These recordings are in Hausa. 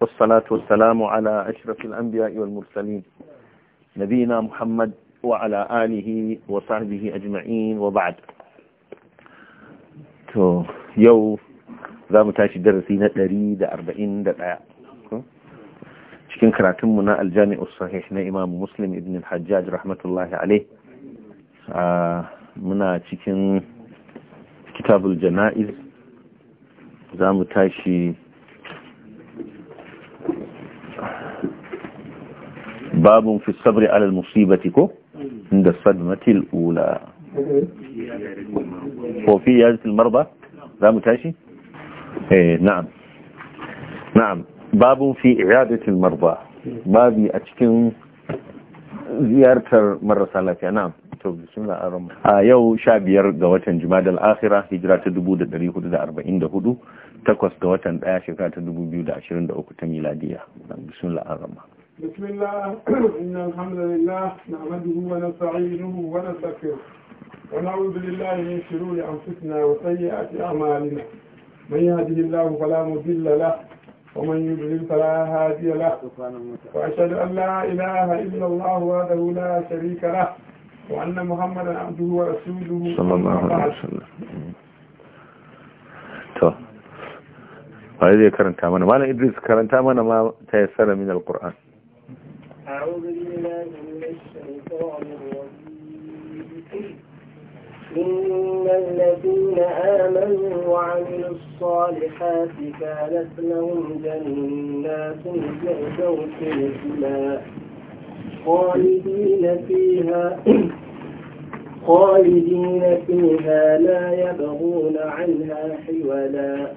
والصلاة والسلام على أشرف الأنبياء والمرسلين نبينا محمد وعلى آله وصحبه أجمعين وبعد تو يو ذا متاشي درسينا دريد أربعين دقاء cikin karatunmu na aljami'u sahih na imam muslim ibn al-hajjaj rahmatullahi alaih muna cikin kitabul jana'iz za mu tashi babun fi sabri alal musibati ko inda sadmatil ula ko fi yazatil marba za mu tashi eh na'am na'am babun fi i'adatil marba babi a cikin ziyartar marasa lafiya na'am to bismillah arama a yau sha biyar ga watan jumadal akhira hijira ta dubu da dari hudu da arba'in da hudu takwas ga watan daya shekara ta dubu biyu da ashirin da uku ta miladiya bismillah arama بسم الله إن الحمد لله نعمده ونستعينه ونستغفره ونعوذ بالله من شرور أنفسنا وسيئات أعمالنا من يهده الله فلا مضل له ومن يضلل فلا هادي له وأشهد أن لا إله إلا الله وحده لا شريك له وأن محمدا عبده ورسوله صلى الله عليه وسلم وهذه كرنتا منا ما إدريس كرنتا منا ما تيسر من القرآن أعوذ بالله من الشيطان الرجيم إن الذين آمنوا وعملوا الصالحات كانت لهم جنات الفردوس نزلا خالدين فيها خالدين فيها لا يبغون عنها حولا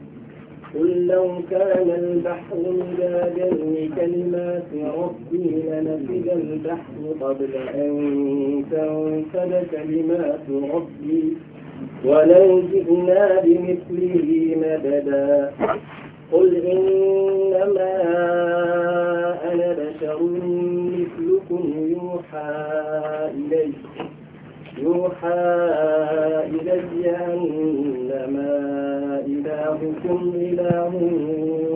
قل لو كان البحر مدادا لكلمات ربي لنفد البحر قبل أن تنفد كلمات ربي ولو جئنا بمثله مددا قل إنما أنا بشر مثلكم يوحى إليكم يوحى إلي أنما إلهكم إله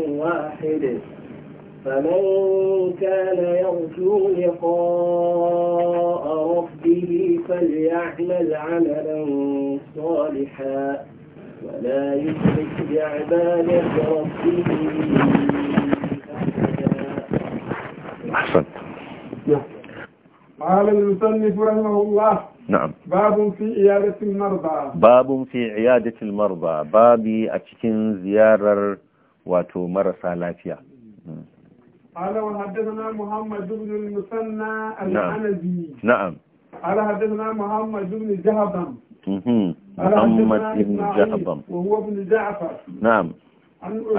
واحد فمن كان يرجو لقاء ربه فليعمل عملا صالحا ولا يشرك بعبادة ربه أحسنت قال المصنف رحمه الله نعم باب في عيادة المرضى باب في عيادة المرضى بابي أتكين زيارة واتو مرسى لافيا قال وحدثنا محمد بن المثنى الحنبي نعم, نعم. قال حدثنا محمد بن جهبم محمد بن جهبم وهو ابن جعفر نعم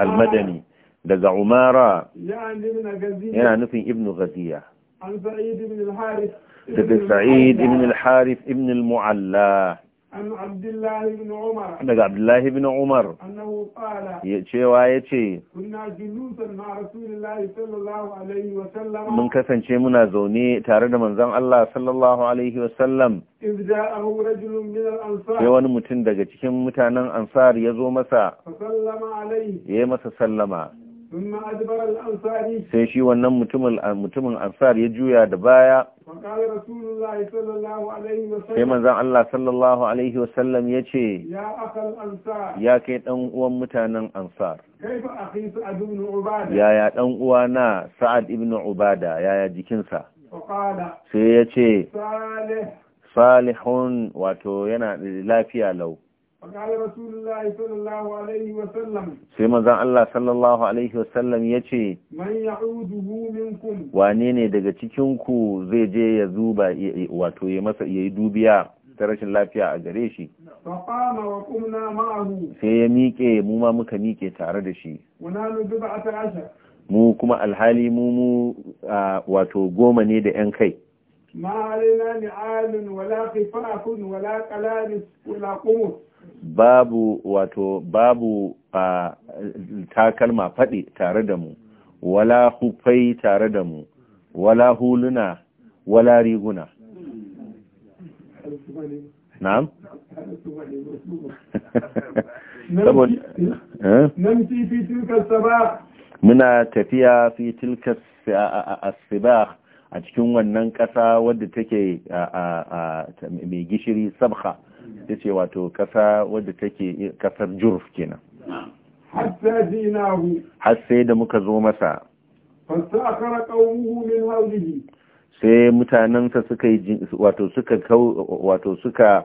المدني دقى عمارة يعني ابن غزية يعني ابن غزية عن سعيد بن الحارث daga sa'id ibn al-harith ibn al-mu'alla daga abdullahi ibn umar cewa ya ce mun kasance muna zaune tare da manzan Allah sallallahu alaihi wasallam sai wani mutum daga cikin mutanen ansar ya zo masa ya yi masa sallama sai shi wannan mutumin ansar ya juya da baya sai manzan Allah sallallahu alaihi wasallam ya ce ya kai ɗan uwan mutanen ansar yaya ɗan uwa na sa'ad ibn ubada yaya jikinsa sai ya ce salihun wato yana lafiya lau sai manzan Allah sallallahu Alaihi wasallam ya ce wane ne daga cikinku zai je ya zuba wato ya masa ya yi dubiya ta rashin lafiya a gare shi sai ya miƙe mu ma muka miƙe tare da shi mu kuma alhali mu mu wato goma ne da 'yan kai ma ni alin wala kifafun wala kalanis wala kumus babu wato babu a takalma faɗi tare da mu wala hufai tare da mu wala huluna wala riguna na'am eh? muna tafiya fi tilka asibah a cikin wannan ƙasa wadda take mai gishiri sabha ta ce wato ƙasa wadda take ƙasar jurf kenan har sai da muka zo masa sai mutanensa suka yi wato suka wato suka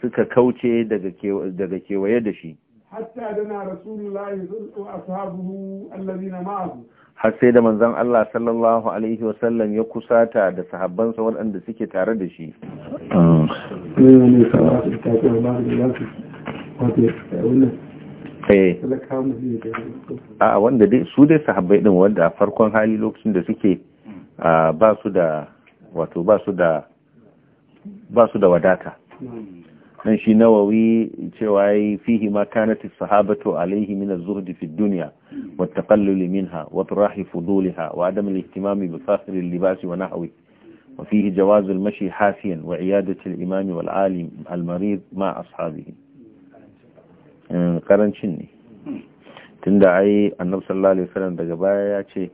suka kauce daga kewaye da shi hatta na rasulullahi wa ashabuhu allazina ma'ahu har sai da manzon Allah sallallahu alaihi wasallam ya kusata da sahabbansa waɗanda suke tare da shi eh. a wanda dai su dai sahabbai din wanda a farkon hali lokacin da suke ba su da wato ba su da ba su da wadata dan shi nawawi cewa yayi fihi ma kanati sahabatu alaihi min az-zuhd fi ad-dunya wa at-taqallul minha wa tirahi fuduliha wa adam al-ihtimam bi fasl al-libas wa nahwi wa fihi jawaz al-mashi hasiyan wa iyadatu al-imam wal-alim al-marid ma ashabihi eh, karancin ne tunda ai annabi sallallahu alaihi wasallam daga baya ya ce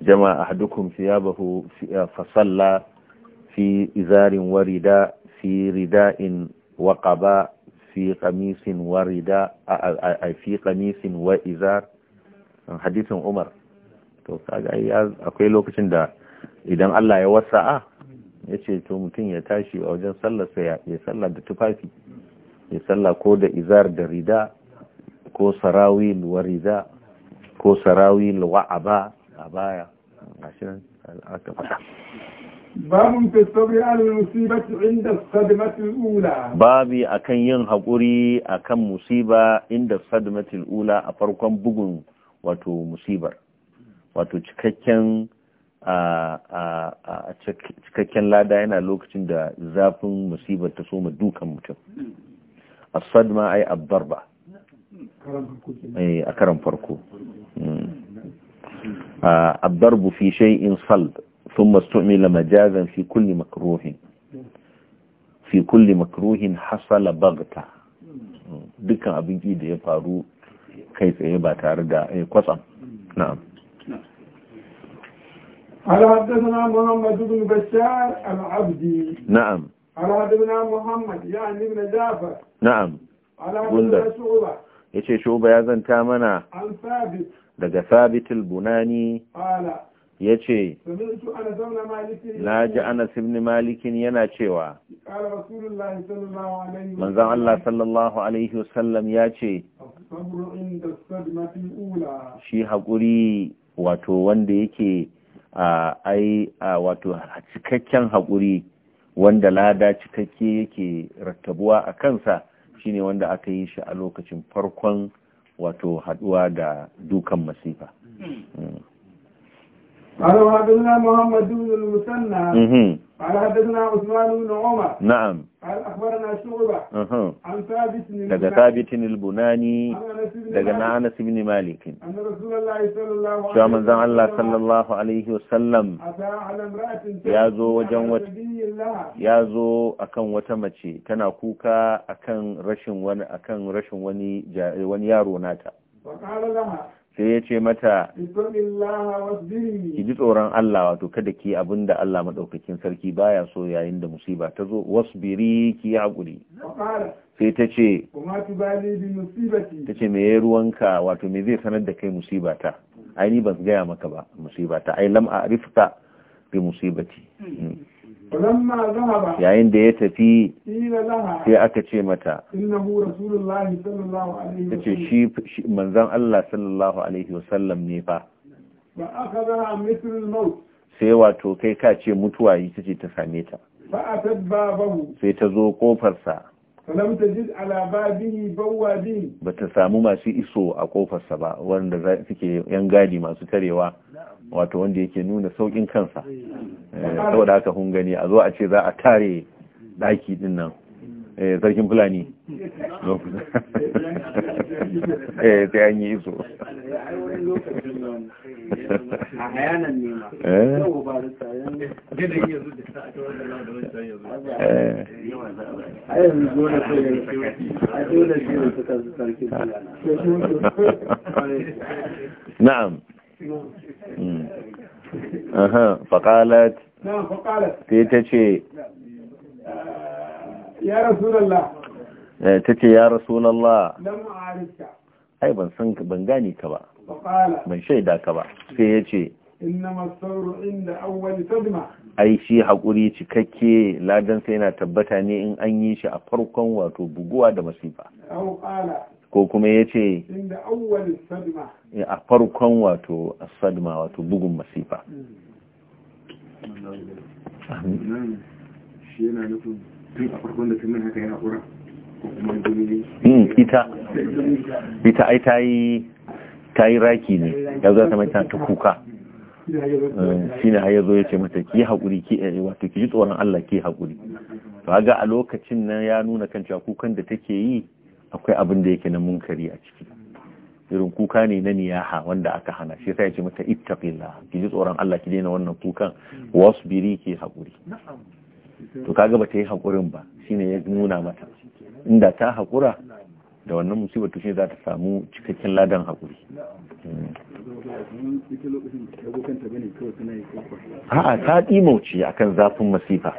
jama'a ahadukum thiyabahu fa salla fi izarin wa fi rida'in وقباء في قميص ورداء في قميص وإزار حديث عمر to kaga akwai lokacin da idan Allah ya wasa'a ya ce to mutum ya tashi a wajen sallarsa ya sallar da tufafi ya sallar ko da izar da rida ko sarawi wa rida ko sarawi wa aba a baya a aka faɗa babun fi sabri alal musibati inda sadmatil ula babi akan yin hakuri akan musiba inda sadmatil ula a farkon bugun wato musibar wato cikakken a cikakken lada yana lokacin da zafin musibar ta soma dukan mutum a sadma ai abbar ba a karan farko A bufi shai in sald ثم استعمل مجازا في كل مكروه في كل مكروه حصل بغتة dukkan abin da ya faru kai tsaye ba tare da ya eh, kwatsam na'am na'am na'am ala haddathana shu'ba yace shu'ba ya zanta mana daga sabit bunani ya ce na ji anas malikin yana cewa manzan Allah sallallahu alaihi wasallam ya ce shi haƙuri wato wanda yake a ai wato cikakken haƙuri wanda lada cikakke yake rattabuwa a kansa shine wanda aka yi shi a lokacin farkon wato haɗuwa da dukan masifa hmm. Hmm. قال وحدثنا محمد بن المثنى قال حدثنا عثمان بن عمر نعم قال اخبرنا شعبه عن ثابت بن daga ثابت البناني daga انس بن مالك ان رسول الله صلى الله عليه وسلم من زمان الله صلى الله عليه وسلم اتى على امراه يازو وجن وت yazo akan wata mace tana kuka akan rashin wani akan rashin wani wani yaro nata sai ya ce mata ki ji tsoron Allah wato kada ki abin da Allah maɗaukakin sarki baya so yayin da musiba ta zo wasbiri ki yi haƙuri sai ta ce ta ce me ya ruwanka wato me zai sanar da kai ta ai ni ban gaya maka ba musibata ai lam a rifka bi musibati hmm. yayin da ya tafi sai aka ce mata ta ce shi manzan Allah sallallahu Alaihi wasallam ne fa sai wato kai ka ce mutuwa yi ta ce ta same ta sai ta zo kofarsa ba ta samu masu iso a kofarsa ba wanda suke yan gadi masu tarewa wato wanda yake nuna saukin kansa eh, saboda haka hun gani a zo a ce za a tare daki din nan eh, sarkin fulani eh sai an yi iso eh. na'am Hmm. faƙalat sai ta ce ya rasulallah eh, ta ce ya rasulallah ai ban san ban gane ka ba ban shaida ka ba sai ya ce ai shi haƙuri cikakke ladan sai yana tabbata ne in an yi shi a farkon wato buguwa da masifa ko kuma ya ce eh, a farkon wato sadma wato bugun masifa hmm, ita ita ai ta yi raki ne ya zo ta mai ta kuka eh, shi ne ya zo ce mata ki haƙuri ki eh, wato ki ji tsoron Allah ki haƙuri to ga a lokacin nan ya nuna kan cewa kukan da take yi akwai abin da yake na munkari a ciki irin kuka ne na niyaha wanda aka hana shi sai ya ce mata ittaqilla ki ji tsoron Allah ki daina wannan kukan wasbiri ki hakuri to kaga bata yi hakurin ba shine ya nuna mata inda ta hakura da wannan musibar to za ta samu cikakken ladan hakuri a'a ta dimauci akan zafin masifa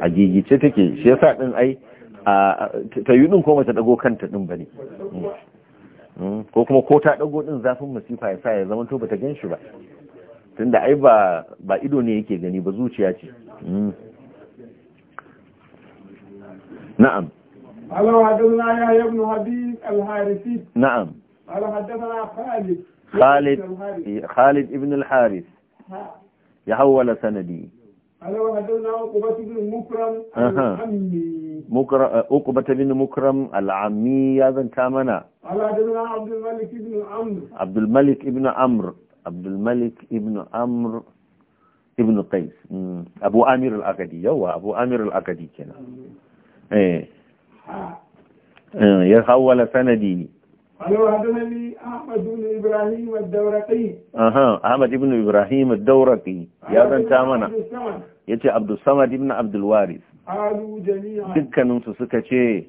a gigice take shi yasa din ai ta yi ɗin kuma ta ɗago kanta ɗin ba ne hmm. ko kuma ko ta ɗago ɗin zafin masifa ya sa ya zama to ba ta gan shi ba tunda ai ba ido ne yake gani ba zuciya ce hmm. na'am Na'am. وحدثنا يحيى بن حبيب الحارثي نعم قال خالد خالد ابن الحارث يحول سندي قال وحدثنا عقبة بن مكرم عن عمي Ukubata eh, bin Mukram al’ammi ya zanta mana. Abdulmalik ibn Amr. Abdulmalik ibn Amr ibn Qais. Hmm. Abu Amir al’Akadi, yawa Abu Amir al’Akadi kenan. Eh. Eh, ya hawala sanadi. Allah hadana ni Ahmad Ibrahim al Ahmad Ibrahim al-Dawraqi. Ya zanta mana. Yace Abdul Samad ibn Abdul dukkaninsu suka ce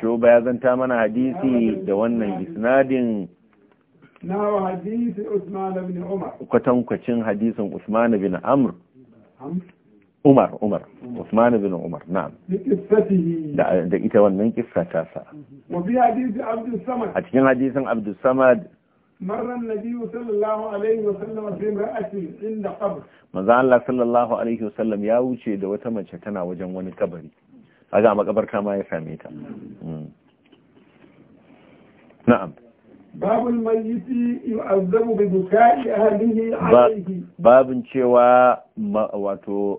shoba ya zanta mana hadisi da wannan isnadin kwatankwacin hadisin usman bin amr umar umar usman bin umar na'am da ita wannan kissa ta sa a cikin hadisin abdus samad مر النبي صلى الله عليه وسلم بامرأة عند قبر manzo Allah sallallahu alaihi wasallam ya wuce da wata mace tana wajen wani kabari A ga makabarta kama ya same ta na'am babul azabu yu'azzabu bi bukai ahlihi alayhi babin cewa wato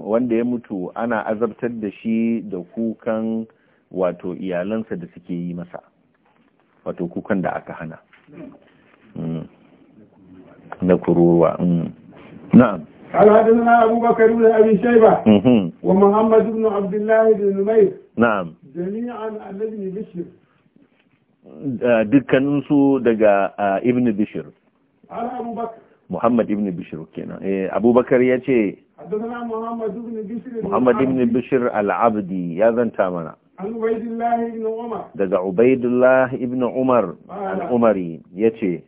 wanda ya mutu ana azabtar da shi da kukan wato iyalansa da suke yi masa wato kukan da aka hana Hmm. na kururuwa hmm. na'am قال حدثنا أبو بكر بن أبي شيبة ومحمد بن عبد الله بن نمير نعم جميعا الذي بشر dukkaninsu daga ibn bishir muhammad ibn bishir kenan abubakar ya ce muhammad ibn bishir al ya zanta mana daga Ubaidullah ibn Umar al’umari ya ce,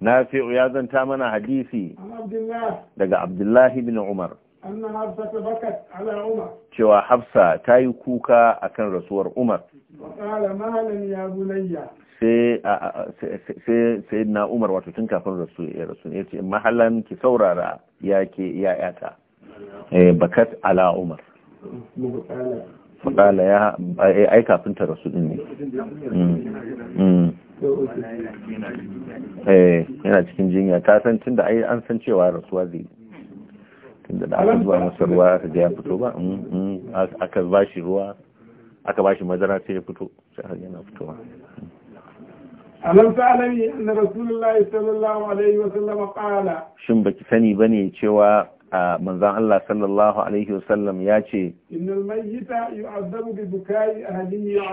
Na fi’u ya zanta mana hadisi daga Abdullah ibn Umar. Cewa Hafsa ta yi kuka a kan rasuwar Umar. Sai sai na Umar wato tun kafin ya rasu ya ce, Mahalan ki saurara ya ke eh, bakat ala Umar. kala ya ai kafin ta rasu din ne mm. Mm. eh yana cikin jinya ta san tunda ai an san cewa rasuwa zai tunda da aka zuwa masa ruwa aka ga ya fito ba mm, aka ba shi ruwa aka ba shi madara sai ya fito sai har yana fitowa alam ta'lami anna rasulullahi sallallahu alaihi wa sallam qala shin baki sani bane cewa manzan Allah sallallahu alaihi wasallam ya ce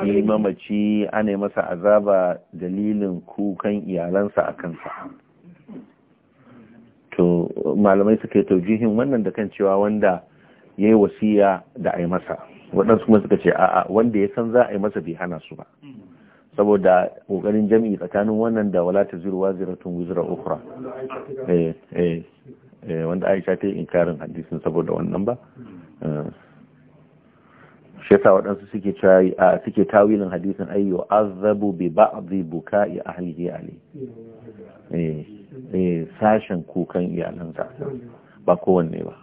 shi mamaci ana masa azaba dalilin kukan iyalansa a kansa to malamai suka yi taujihin wannan da kan cewa wanda ya yi wasiya da a yi masa waɗansu kuma suka ce a'a wanda ya san za a yi masa bai hana su ba saboda ƙoƙarin jami'i tsakanin wannan da wala ta zirwa ziratun wuzura ukra eh, eh. Eh, wanda aisha ta yi inkarin hadisin saboda wannan ba eh, shi yasa waɗansu suke a suke tawilin hadisin ayyo azabu bi ba'dhi buka'i ahlihi ali eh, eh sashen kukan iyalansa ba kowanne ba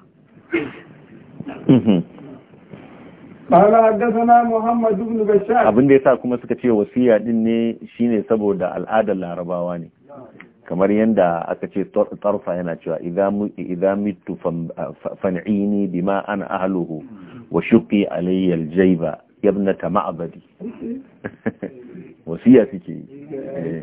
abinda حدثنا محمد abin da yasa kuma suka ce wasiya din ne shine saboda al'adar larabawa ne kamar yadda aka ce tsarfa yana cewa idza mitu fan'ini bima ana ahaluhu wa shuqi alayya aljayba yabnata ma'badi wasiya suke eh,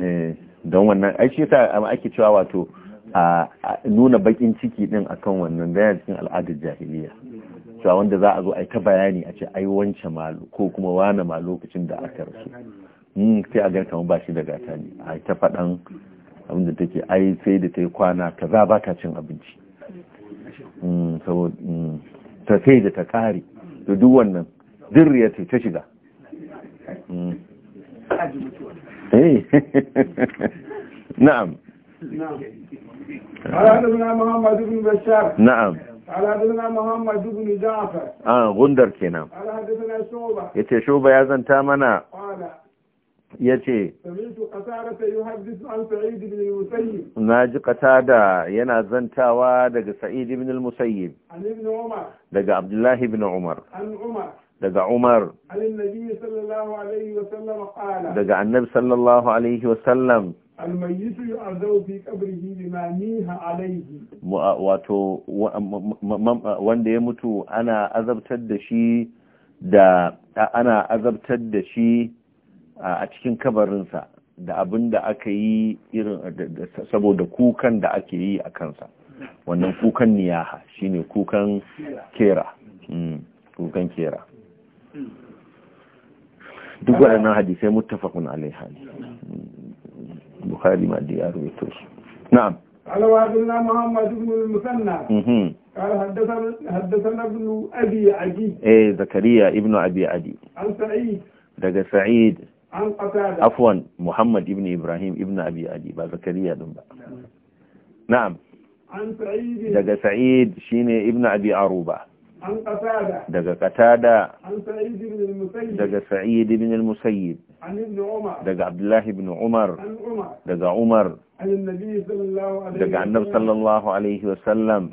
eh, don wannan aiki ta ake cewa wato a nuna bakin ciki din akan wannan da cikin al'adar jahiliya cewa wanda za a zo aika bayani a ce ai wance malu ko kuma wane ma lokacin da aka rasu Hmm, sai a gaita ba shi da gata ne a ta faɗan abin da take ai sai da ta yi kwana za ba ta cin abinci hmm, hmm, ta sai da ta ƙare da duk wannan ya ce ta shiga eh. na'am na'am دبنا محمد بن بشار نعم على دبنا محمد بن جعفر Shoba غندر كنا على دبنا شعبة ya ce na ji da yana zantawa daga sa'id ibn al-musayyib daga abdullahi ibn umar daga umar daga annabi sallallahu alaihi wasallam fi wato wanda ya mutu ana azabtar da shi da ana azabtar da shi a cikin kabarinsa da abin da aka yi irin saboda kukan da ake yi a kansa wannan kukan niyaha shine kukan kera mm, kukan kera duk waɗannan hadisai muttafaqun alaiha bukhari ma da yaro ya tosu na'am alwadullah muhammad ibn al-musanna قال حدثنا حدثنا ابن ابي عدي ايه زكريا ابن ابي عدي عن سعيد daga sa'id Afuwan muhammad ibn ibrahim ibn abi adi ba zakariya din ba na'am daga sa'id shine ibn abi aruba daga qatada daga sa'id ibn al-musayyib daga abdullah ibn umar daga umar daga annabi sallallahu alaihi wa sallam.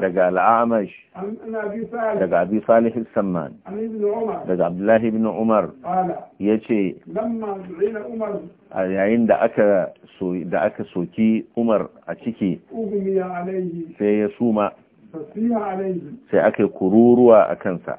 daga al'amash daga abi salih daga abdullahi ibn umar ya ce a yayin da aka soki umar a ciki sai ya suma sai aka yi kururuwa a kansa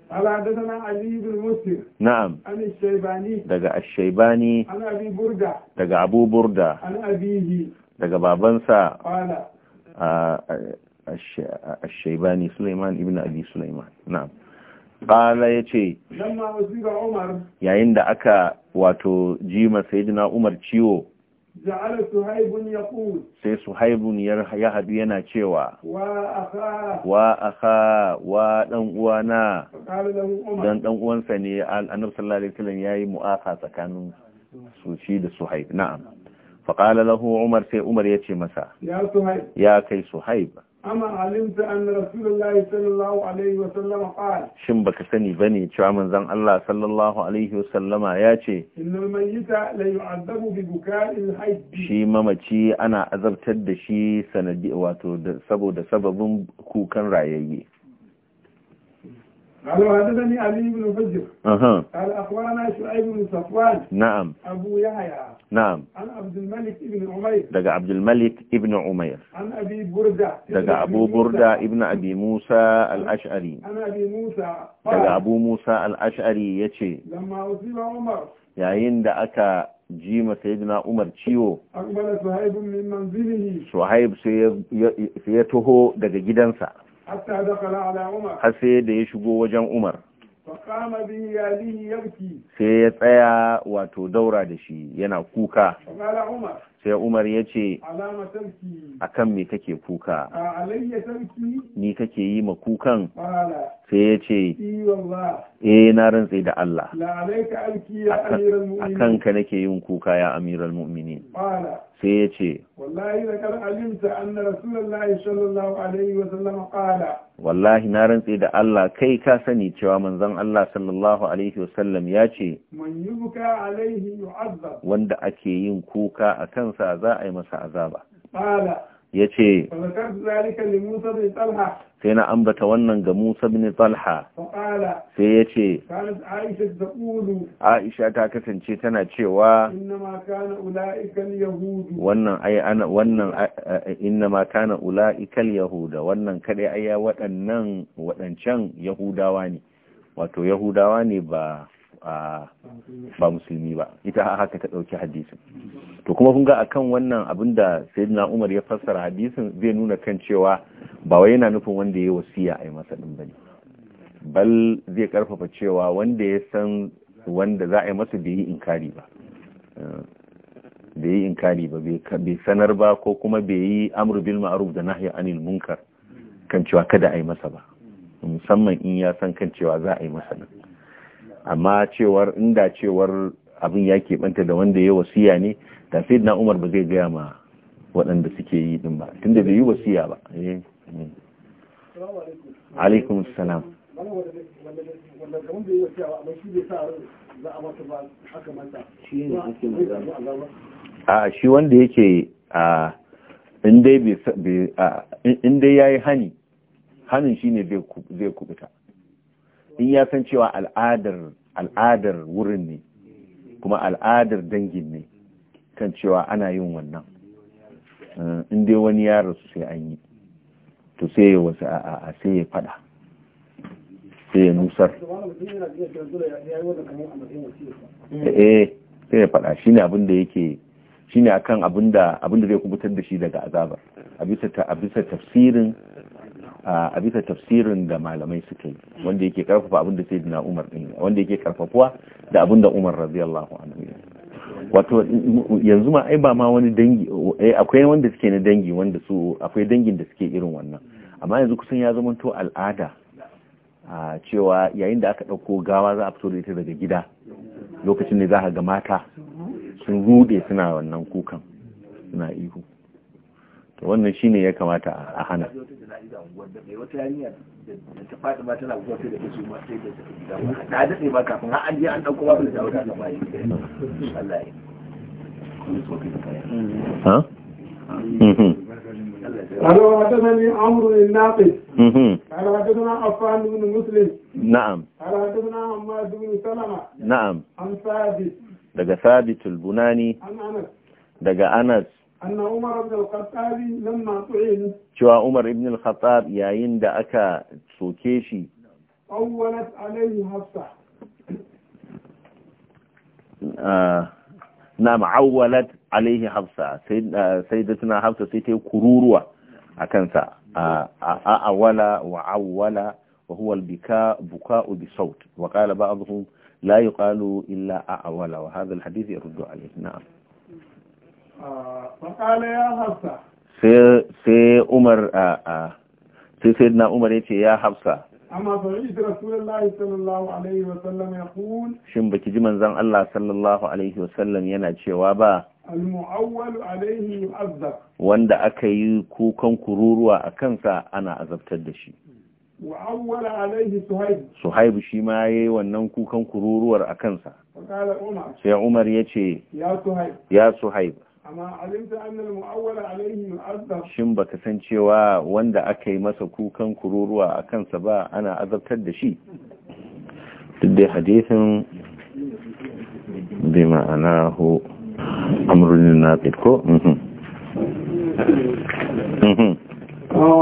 قال حدثنا علي بن مسلم نعم عن الشيباني دقى الشيباني عن أبي بردة دقى أبو بردة عن أبيه دقى بابنسا قال الشيباني سليمان ابن أبي سليمان نعم قال لما وزير عمر يا عند aka واتو جيما سيدنا عمر تشيو sai suhaibun ya hadu yana cewa wa akha wa akha dan uwana dan dan uwansa ne annabi sallallahu alaihi wasallam yayi mu'afa tsakanin su shi da suhaib na'am fa qala umar sai umar yace masa ya suhaib ya kai suhaib أما علمت أن رسول sallallahu alaihi wa sallama. وسلم قال شن sani سني بني cewa manzon Allah sallallahu alaihi wasallama ya ce innal mayyita la yu'adhabu bi buka'il hayy shi mamaci ana azabtar da shi sanadi wato saboda sababin kukan rayayye قال وحدثني علي بن فجر أها قال أخبرنا شعيب بن صفوان نعم أبو يحيى نعم عن عبد الملك بن عمير دقى عبد الملك بن عمير عن أبي بردة دقى أبو بردة ابن أبي موسى الأشعري عن أبي موسى دقى أبو موسى الأشعري يتشي لما أصيب عمر yayin da aka ji masa yadda umar ciwo suhaib sai ya taho daga gidansa har sai da ya shigo wajen umar sai ya tsaya wato daura da shi yana kuka sai umar ya ce a kan me kake kuka ni kake yi ma kukan sai ya ce eh na rantse da Allah a kanka nake yin kuka ya amiral mu'mini sai ya ce wallahi na rantse da Allah kai ka sani cewa manzon Allah sallallahu alaihi wasallam ya ce wanda ake yin kuka a kan? kansa za a yi masa azaba ya ce sai na ambata wannan ga Musa bin Talha sai ya ce Aisha ta kasance tana cewa wannan ai ana wannan kana ula'ikal yahuda wannan kadai ai waɗannan waɗancan yahudawa ne wato yahudawa ne ba ba musulmi ba ita haka ta ɗauki hadisin to kuma kun ga akan wannan abin da sayyidina umar ya fassara hadisin zai nuna kan cewa ba wai yana nufin wanda ya wasiya a yi masa ɗin bane bal zai karfafa cewa wanda ya san wanda za a yi masa bai yi inkari ba bai yi inkari ba bai sanar ba ko kuma bai yi amru bil ma'ruf da nahyi anil munkar kan cewa kada a yi masa ba musamman in ya san kan cewa za a yi masa nan amma cewar inda cewar abin ya keɓanta da wanda ya wasiya ne da sai na umar ba zai gaya ma waɗanda suke yi din ba tunda bai yi wasiya ba eh, eh. alaikum salam a shi wanda yake a in dai ya yi hani hanin shi ne zai kubuta in ya san cewa al'adar al'adar wurin ne kuma al'adar dangin ne kan cewa ana yin wannan eh, in dai wani ya rasu sai an yi to sai ya wasu a sai ya fada sai ya nusar eh sai ya fada ne abin da yake shi ne a kan abin da zai kubutar da shi daga azabar a bisa tafsirin a bisa tafsirin da malamai suka yi wanda yake karfafa abin da sayyidina Umar din wanda yake karfafuwa da abin da Umar radiyallahu anhu wato yanzu ma ai ba ma wani dangi eh, akwai wanda suke na dangi wanda su akwai dangin da suke irin wannan amma yanzu kusan ya zama to al'ada a cewa yayin da aka ɗauko gawa za a fito da ita daga gida lokacin ne za ka ga mata sun rude suna wannan kukan suna ihu wannan shine ya kamata a hana Allah ya yi. Allah ya yi. Allah ya أن عمر بن الخطاب لما طعن شو عمر بن الخطاب يا يند أكا سوكيشي طولت عليه حفصة آه نعم عولت عليه حفصة سيد آه، سيدتنا حفصة سيتي كروروا أكنسا آه, آه،, آه، أولا وعولا وهو البكاء بكاء بصوت وقال بعضهم لا يقال إلا أعول وهذا الحديث يرد عليه نعم sai sai umar a a sai sai na umar ya ce ya hafsa amma sami'tu rasulullahi sallallahu alaihi wa sallam ya yaqul shin baki ji manzon Allah sallallahu alaihi wa sallam yana cewa ba al-mu'awwal alaihi azza wanda aka yi kukan kururuwa a kansa ana azabtar da shi awwal alaihi Suhaib. suhaib shi ma yayi wannan kukan kururuwar a kansa sai Umar ce ya Suhaib ya Suhaib shin ba ka san cewa wanda aka yi masa kukan kururuwa a kansa ba ana azabtar da shi duk dai hadisin bi ma'ana hu amrun naqid ko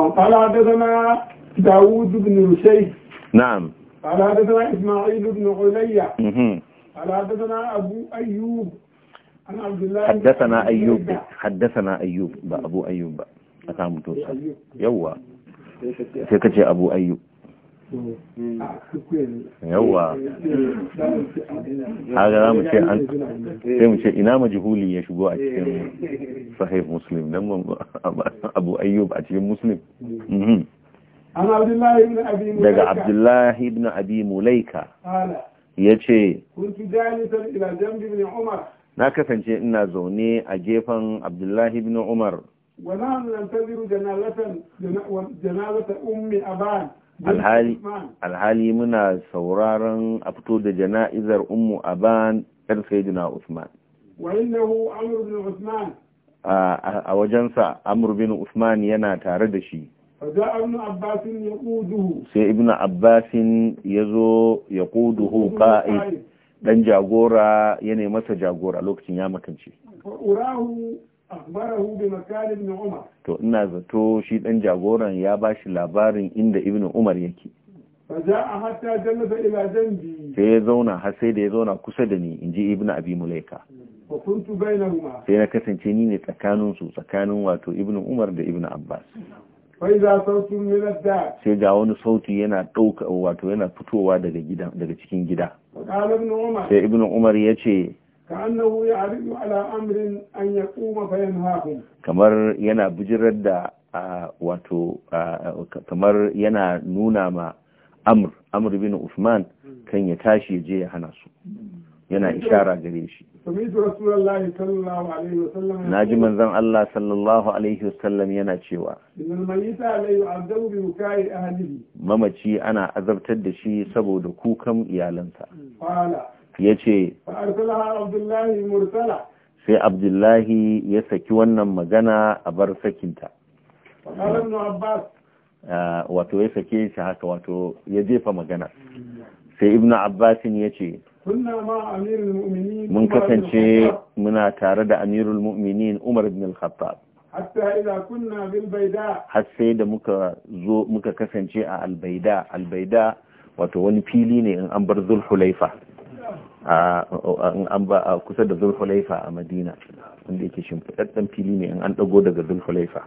قال حدثنا داوود بن رشيد نعم قال حدثنا إسماعيل بن عليا قال حدثنا أبو أيوب حدثنا أيوب حدثنا أيوب أبو أيوب بقى. أتعم توسع يوا سيكتش أبو أيوب yawa haka an sai mu ce ina majihuli ya shigo a cikin sahih muslim don abu ayyub a cikin muslim daga abdullahi ibn abi mulaika ya ce na kasance ina zaune a gefen abdullahi bin umar alhali muna sauraron a fito da jana'izar ummu aban ɗan sayyidina usman a wajensa amur bin usman yana tare da shi sai ibn abbasin ya zo ya kuduhu ka'id dan jagora ya ne masa jagora lokacin ya makance Umar. to ina zato shi dan jagoran ya ba shi labarin inda ibn umar yake sai ya zauna har sai da ya zauna kusa da ni in inji ibn abi mulaika sai na kasance ni ne tsakaninsu tsakanin wato ibn umar da ibn abbas sai ga wani sauti yana ɗauka wato yana fitowa daga cikin gida sai ibnu umar ya ce kamar yana bijirar da wato kamar yana nuna ma amr amr bin usman hmm. kan ya tashi ya je ya hana su yana ishara gare shi na ji manzan Allah sallallahu alaihi wasallam yana cewa mamaci ana azabtar da shi saboda kukan iyalansa ya ce sai abdullahi ya saki wannan magana a bar sakinta ah, wato ya sake shi haka wato ya jefa magana sai Ibn abbasin ya ce mun kasance muna tare da amirul mu'minin umar ibn al-khattab har sai da muka zo muka kasance a albaida albaida wato wani fili ne in an bar zulhulaifa kusa da zulhulaifa a madina wanda yake shimfiɗaɗɗen fili ne in an ɗago daga zulhulaifa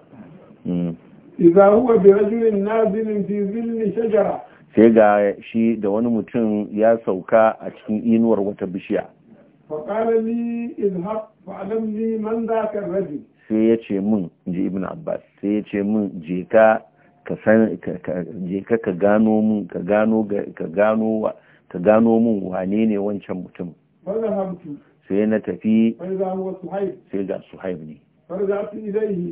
إذا هو برجل نازل في ظل شجرة sai ga shi da wani mutum ya sauka a cikin inuwar wata bishiya sai ya ce mun ji ibn abbas sai ya ce min je ka ka gano min ka gano ka gano ka gano min wane ne wancan mutum sai na tafi sai ga suhaib ne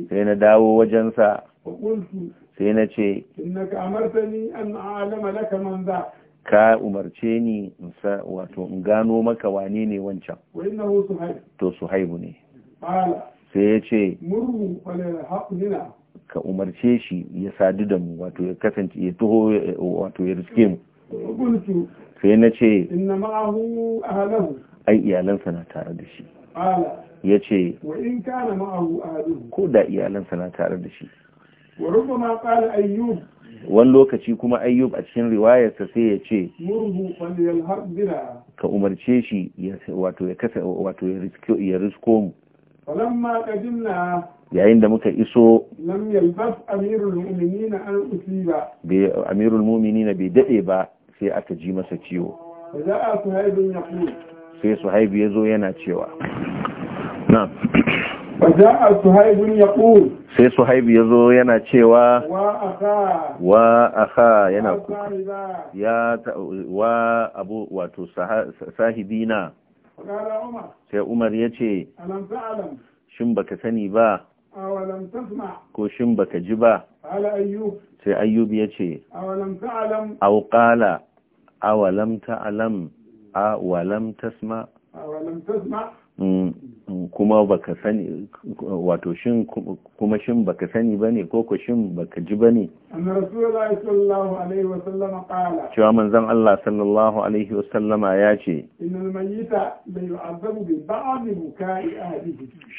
sai na dawo wajensa sai na ce innaka amartani an a'lama laka man za ka umarce ni wato in gano maka wane ne wancan wa innahu suhaib to suhaibu ne sai ya ce murhu wala ka umarce shi ya sadu da mu wato ya kasance ya taho wato ya riske mu sai na ce inna ma'ahu ahlahu ai iyalansa na tare da shi ya ce in kana a ko da iyalansa na tare da shi وربما قال أيوب wani lokaci kuma ayyub a cikin riwayarsa sai ya ce ka umarce shi wato ya kasa wato ya risko mu yayin da muka iso amirul muminina bai daɗe ba sai aka ji masa ciwo sai suhaibu ya zo yana cewa فجاء سهيب يقول sai suhaib ya zo yana cewa wa akha yana kuka ya wa abu wato sahibina sai umar ya ce shin baka sani ba ko shin baka ji ba sai ayyub ya ce auƙala awalam ta'alam awalam tasma mm. kuma baka sani wato shin kuma shin baka sani bane ko ko shin baka ji bane anna wa sallama cewa manzan Allah sallallahu alaihi wa sallama ya ce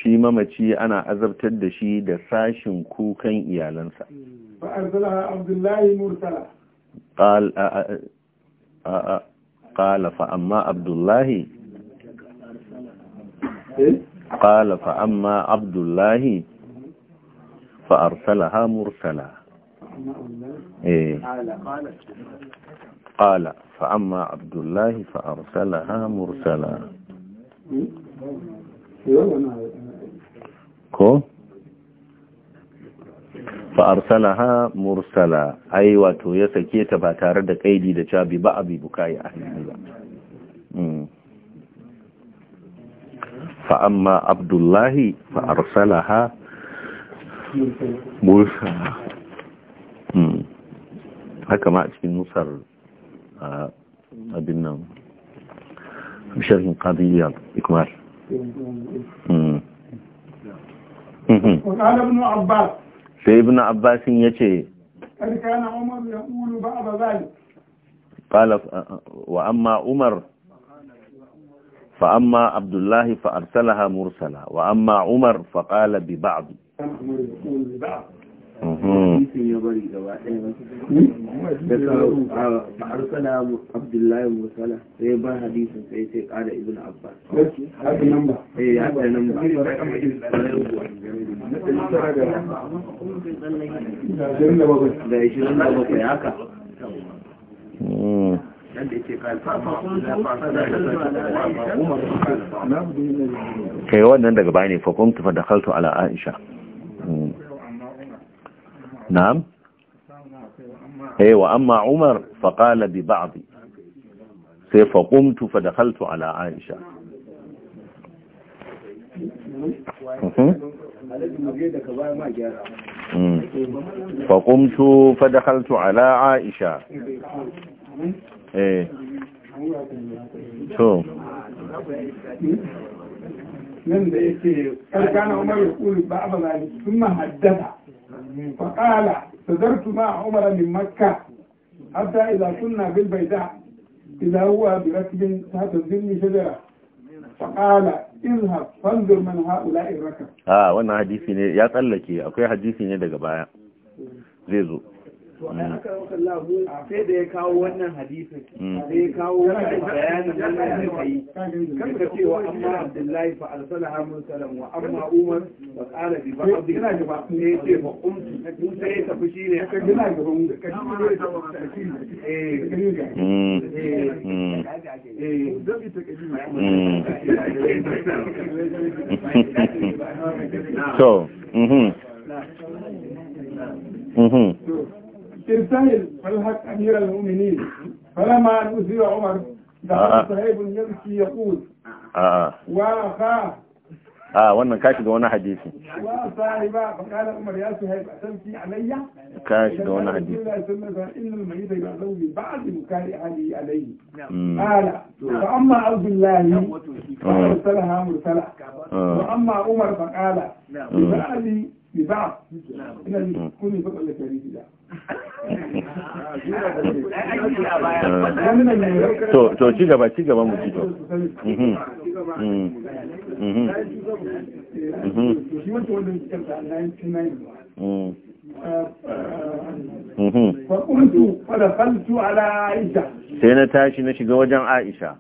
shi mamaci ana azabtar da shi da sashin kukan iyalansa fa abdullahi qala fa amma abdullahi eh قال فأما عبد الله فأرسلها مرسلا إيه قال فأما عبد الله فأرسلها مرسلا كو فأرسلها مرسلا أي واتو يسكيت باتارد قيدي دجابي بأبي بكاي أهل الله فأما عبد الله فأرسلها موسى هكا ما أتي نصر أبنا آه، نعم. بشرح قاضي إياد إكمال وقال ابن عباس في ابن عباس يتي كان عمر يقول بعض ذلك قال آه، آه، وأما عمر فأما عبد الله فأرسلها مرسلة وأما عمر فقال ببعض فأرسلها عبد الله مرسلة سيبا حديث سيسيق على ابن عباس هذا نمبر هذا نمبر kai wannan daga bayani fakon tufa da kaltu ala aisha na'am eh wa amma umar faqala bi ba'd sai faqumtu da kaltu ala aisha فقمت فدخلت على عائشة eh to nan da yake karkana umar ya kuli ba a zali sun mahaddada faƙala sadartu ma a umar min makka hatta idza kunna bil baida idza huwa bi rakbin tahta dhilli shajara faƙala izhab fanzur man haula'i rakab ah wannan hadisi ne ya tsallake akwai hadisi ne daga baya zai zo to nan sai da ya kawo wannan hadisin da hmm. ya kawo wannan bayanin wannan da kai kan cewa amma abdullahi fa arsalaha mursalan wa amma umar wa qala bi ji ba um, ne ce umtu ne gina ga ban ne eh eh eh ارتهل فالحق أمير المؤمنين فلما أن أسير عمر دعا آه. صهيب يمشي يقول وأخاه آه وانا كاشد وانا حديثي وصاحبا فقال عمر يا سهيب أتمشي علي كاشد وانا حديثي إن الميت يبعضوا زوجي بعد مكاري علي نعم. قال فأما عبد الله فأرسلها مرسلة آه. وأما عمر فقال ببعض نعم. ببعض نعم. إن يكون فضل شريك الله to to ci gaba ci gaba mu ci to Mhm. sai na tashi na shiga wajen aisha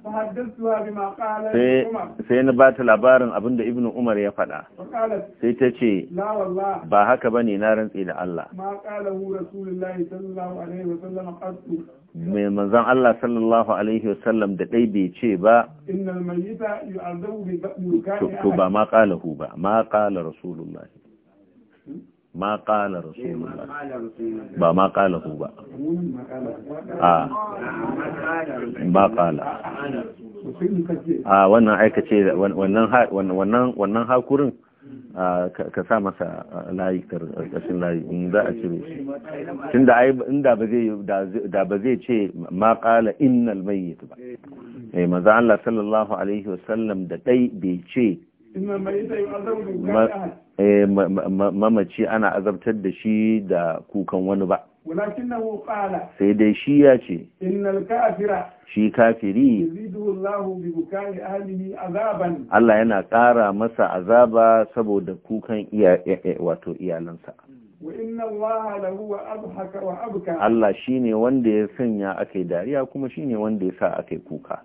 sai na ba ta labarin abinda ibn umar ya faɗa sai ta ce ba haka ba ne na rantse da Allah mai manzan Allah sallallahu alaihi wasallam da ɗai bai ce ba to ba ma ƙalahu ba ma ƙala rasulullahi ma qala rasulullah ba ma qala hu ba a ah. ba qala a ah, wannan aikace wannan wannan wannan hakurin ah, ka sa masa layi karkashin layi in za a cire shi tun da inda ba zai ce ma kala innal mayyit ba eh manzo Allah sallallahu alaihi wasallam da dai bai ce Eh, mamaci ana azabtar da shi da kukan wani ba sai dai shi ya ce shi kafiri Allah yana ƙara masa azaba saboda kukan eh, eh, iyalansa Allah shi ne wanda ya sanya ake dariya kuma shi ne wanda ya sa ake yi kuka.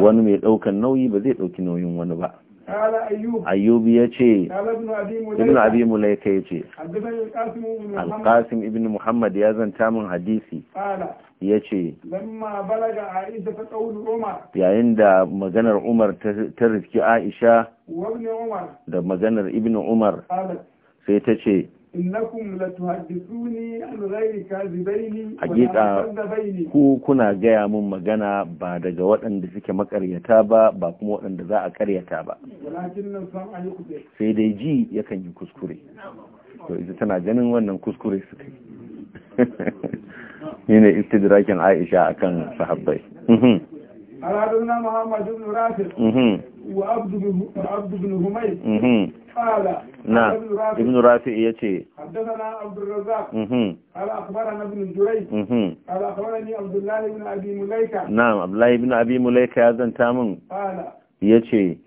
Wani mai ɗaukan nauyi ba zai ɗauki nauyin wani ba. ayyubi ya ce ibn abi mulaika ya ce alƙasim ibn muhammad ya zanta min hadisi ya ce yayin da maganar umar ta riski aisha da maganar ibn umar sai ta ce innakum latuhaddithuni an ghairi kadhibaini hakika ku kuna gaya mun magana ba daga waɗanda suke makaryata ba ba kuma waɗanda za a karyata ba sai dai ji yakan yi kuskure to ita tana ganin wannan kuskure kai yi ne istidrakin Aisha akan sahabbai al'adun Muhammad ibn Rafi wa Abdu ibn Humayr Na’am, Ibn Rafi ya ce, na Abdullahi Ibn Abi ya zanta min ya ce,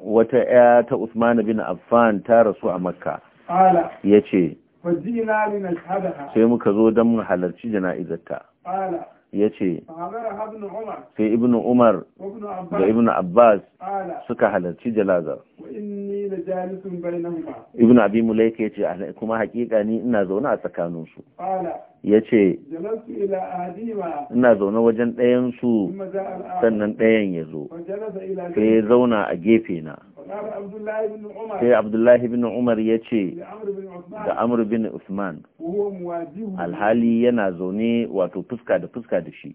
Wata ‘ya ta Usman Ibn Affan ta rasu a Makka. Ala. Ya ce, Sai muka zo don mu halarci jana’izarta. ya ce sai ibn umar da ibn abbas suka halarci jalazar ibn abi mulaika ya ce kuma hakika ni ina zaune a su ya ce ina zaune wajen su sannan ɗayan ya zo sai ya zauna a gefe na sai abdullahi bin umar ya ce da amur bin usman alhali yana zaune wato fuska da fuska da shi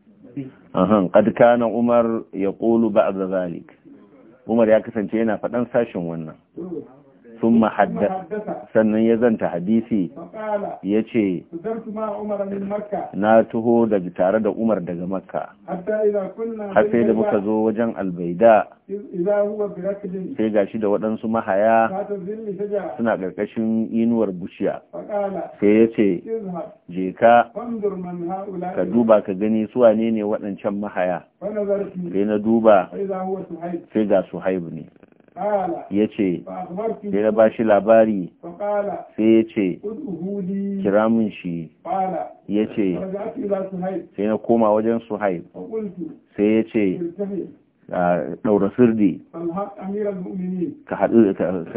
ahan qad kana umar ya ba a zazalik. umar ya kasance yana faɗan sashen wannan sun mahadda sannan ya zanta hadisi ya ce na tuho daga tare da umar daga makka har sai da muka zo wajen albaida sai gashi da waɗansu mahaya suna ƙarƙashin inuwar bushiya sai ya ce je ka ka duba ka gani su wanene ne waɗancan mahaya sai na duba sai ga su haibu ne ya ce ba shi labari sai ya ce kira min shi ya ce sai na koma wajen suhaib sai ya ce ɗaura sirdi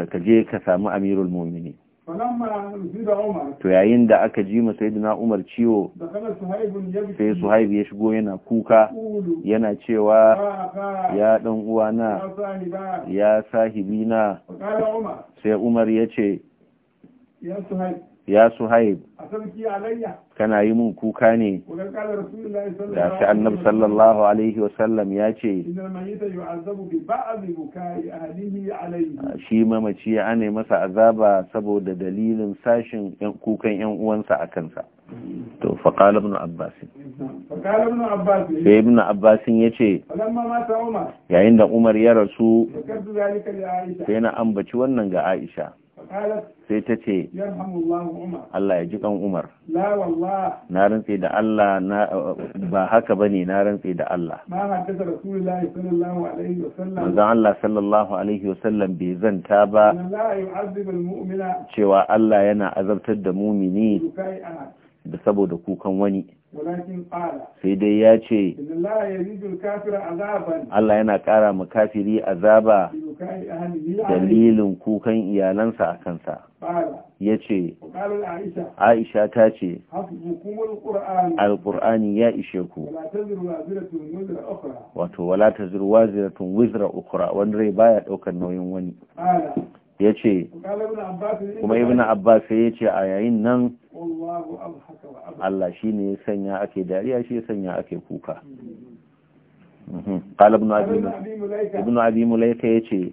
ka je ka samu amirul mumini to yayin da aka ji masa yadda umar ciwo sai suhaib ya shigo yana kuka yana cewa ya dan uwana ya sahibi na sai umar ya ce ya suhaib kana yi mun kuka ne da shi annabi sallallahu alaihi wasallam ya ce shi mamaci ya ane masa azaba saboda dalilin sashin kukan yan uwansa a kansa to faƙala ibn abbas sai ibn abbas ya ce yayin da umar ya rasu sai na ambaci wannan ga aisha sai ta ce Allah ya ji ɗan Umar na rantse da Allah ba haka bane na rantse da Allah manzon Allah sallallahu alaihi wasallam bai zanta ba cewa Allah yana azabtar da mumini da saboda kukan wani sai dai ya ce Allah yana ƙara ma kafiri azaba dalilin kukan iyalansa a kansa ya ce aisha ta ce alƙur'ani ya ishe ku wato wala ta zirwa ziratun wizra ukura wani rai baya ɗaukar nauyin wani ya ce kuma ibn abbas ya ce a yayin nan Allah shi ne ya sanya ake dariya shi ya sanya ake kuka mhm. ibn ابن ابي ابن ابي yace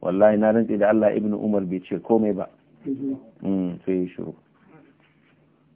wallahi na rantsi da Allah ibn umar bai ce komai ba mm, sai ya shiru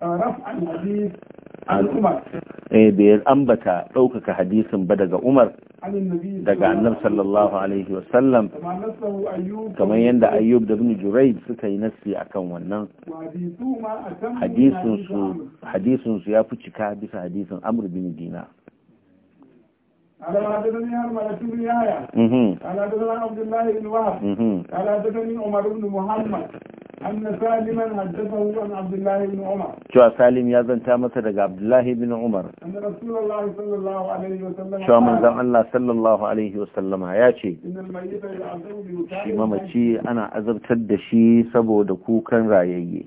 raf'an hadis bai ambata ɗaukaka hadisin ba daga umar daga annab sallallahu alaihi wasallam kamar yadda ayyub da ibn jurai suka yi a akan wannan hadisinsu ya fi cika bisa hadisin amr bin dina قال حدثني عن بن يحيى قال حدثنا عبد الله بن وهب قال حدثني عمر بن محمد أن سالما حدثه عن عبد الله بن عمر شو سالم يزن تامسة عبد الله بن عمر أن رسول الله صلى الله عليه وسلم شو من زم الله صلى الله عليه وسلم ياتي إن الميت يعذب بوكاء شي مامتي أنا أزبت الدشي سبو دكوكا رايي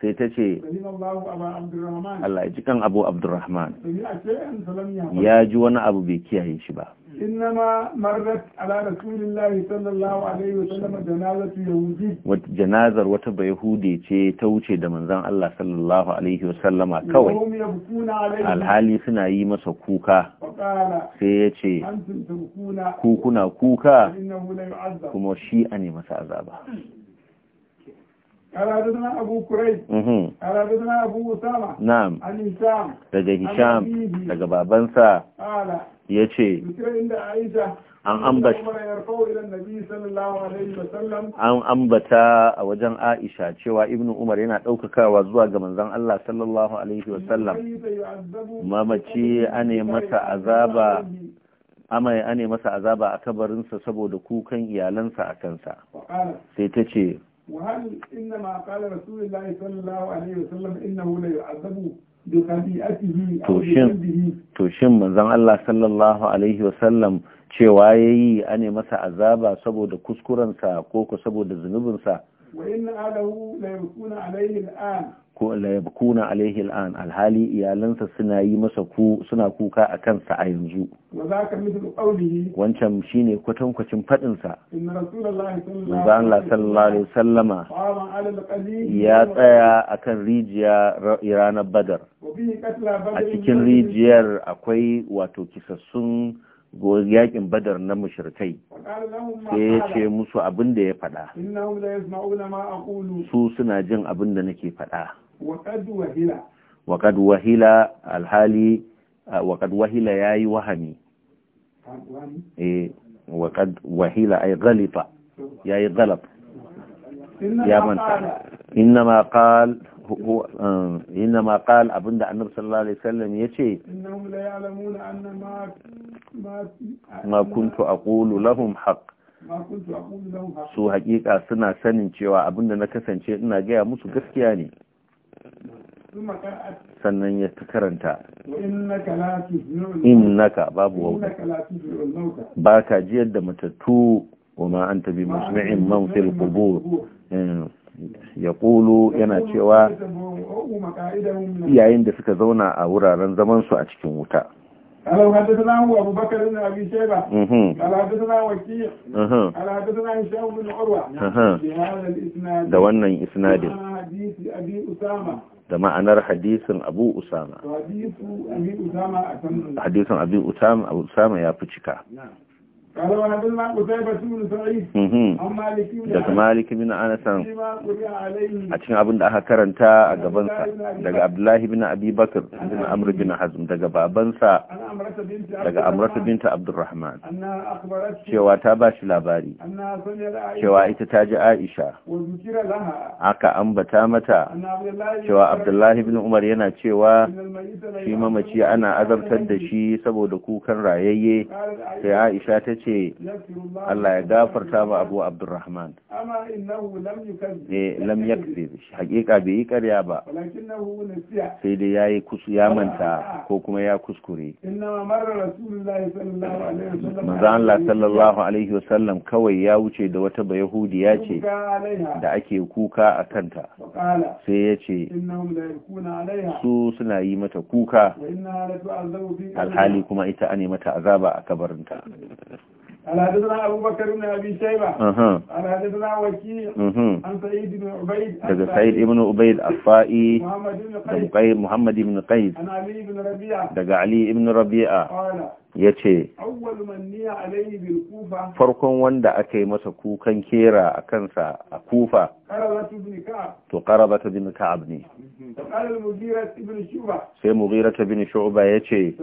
sai ta ce Allah ya ji kan abu abdurrahman ya ji wani abu bai kiyaye shi ba innama marrat ala rasulillahi sallallahu alaihi wa sallam janazatu yahudi wata janazar wata bayahude ce ta wuce da manzon Allah sallallahu alaihi wa sallama kawai alhali suna yi masa kuka sai ya ce ku kuna kuka kuma shi a ne masa azaba قال أبو كريب قال أبو أسامة نعم عن هشام لقى هشام لقى بابنسا قال يتي عند عائشة an ambata an ambata a wajen Aisha cewa Ibnu Umar yana ɗaukakawa zuwa ga manzon Allah sallallahu alaihi wa sallam mamaci ane masa azaba amai ane masa azaba a kabarinsa saboda kukan iyalansa a kansa sai ta ce وهل إنما قال رسول الله صلى الله عليه وسلم إنه لا يعذب بخطيئته أو بذنبه to shin manzon Allah sallallahu alaihi wasallam cewa yayi ane masa azaba saboda kuskurensa ko ko saboda zunubinsa wa inna alahu la alayhi al'an ko la alhali iyalansa suna yi masa ku suna kuka a kansa a yanzu wancan shine kwatankwacin fadin sa inna rasulullahi sallallahu alaihi wasallama ya tsaya akan rijiya ranar badar a cikin rijiyar akwai wato kisassun yakin badar na mushirkai sai ya ce musu abin da ya faɗa su suna jin abin da nake faɗa waƙad wahila alhali waƙad wahila ya yi wahami waƙad wahila eh, ai galifa ya yi galab ya manta inna ma qal inna ma qala abinda annabi sallallahu alaihi wasallam yace إنهم لا يعلمون أن ما su hakika suna sanin cewa abinda na kasance ina gaya musu gaskiya ne sannan ya ta karanta innaka babu wauta ba jiyar da matattu wa ma an tabi musmi'in man fil qubur ya kulu yana cewa iyayen da suka zauna a wuraren zamansu a cikin wuta mm-hmm. mm-hmm. mm-hmm. Da wannan isnadin da ma'anar hadisin abu usama hadisin Abu usama ya fi cika daga Malik bin Anas a cikin abin da aka karanta a gabansa daga Abdullahi bin Abi Bakr bin Amr bin Hazm daga babansa daga Amrata binta Abdurrahman cewa ta ba shi labari cewa ita ta ji Aisha aka ambata mata cewa Abdullahi bin Umar yana cewa shi mamaci ana azabtar da shi saboda kukan rayayye sai Aisha ta ce ce Allah ya gafarta ba Abu Abdurrahman eh lam yakzib hakika bai yi karya ba sai dai yi kusu ya manta ko kuma ya kuskure manzo Allah sallallahu alaihi wasallam kawai ya wuce da wata bayahudiya ce da ake kuka a kanta sai ya ce su suna yi mata kuka alhali kuma ita ane mata azaba a kabarinta قال حدثنا أبو بكر بن أبي شيبة قال حدثنا وكيع عن سعيد بن عبيد هذا سعيد بن عبيد الطائي محمد بن قيس محمد بن قيس عن علي بن ربيعة دقى علي بن ربيعة قال ya ce farkon wanda aka yi masa kukan kera a kansa a kufa to karaba karabata bin ka'ab ne sai ta bin shu'ba ya ce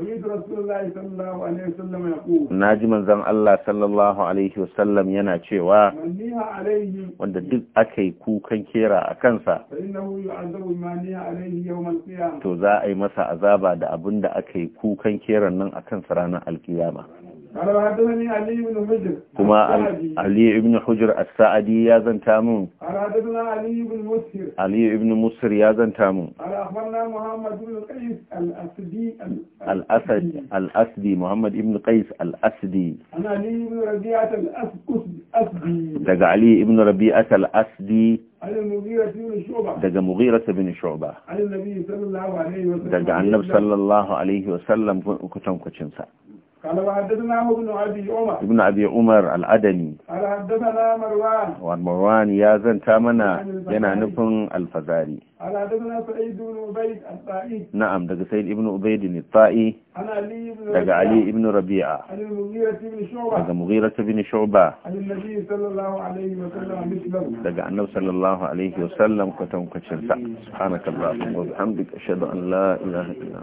na ji manzan Allah sallallahu alaihi wasallam yana cewa wanda duk aka yi kukan kera a kansa to za a yi masa azaba da abin da aka yi kukan kera nan a kansa ranar القيامة كما علي بن حجر السعدي يا زن زنتامون علي بن مصر يا زن زنتامون الأسدي محمد بن قيس الأسدي علي بن ربيعة الأسدي علي بن ربيعة الأسدي daga mughira bin shu'ba daga annab sallallahu alaihi wasallam kutankucin kucinsa. قال وحدثنا ابن ابي عمر ابن ابي عمر العدني قال حدثنا مروان ومروان يا زن تامنا yana nufin alfazari na'am daga sa'id ibn ubayd ibn ta'i daga ali ibn rabi'a daga mughira ibn shu'ba daga annabi sallallahu alaihi wa sallam kwatankwacin sa subhanakallahumma wa bihamdika ashhadu an la ilaha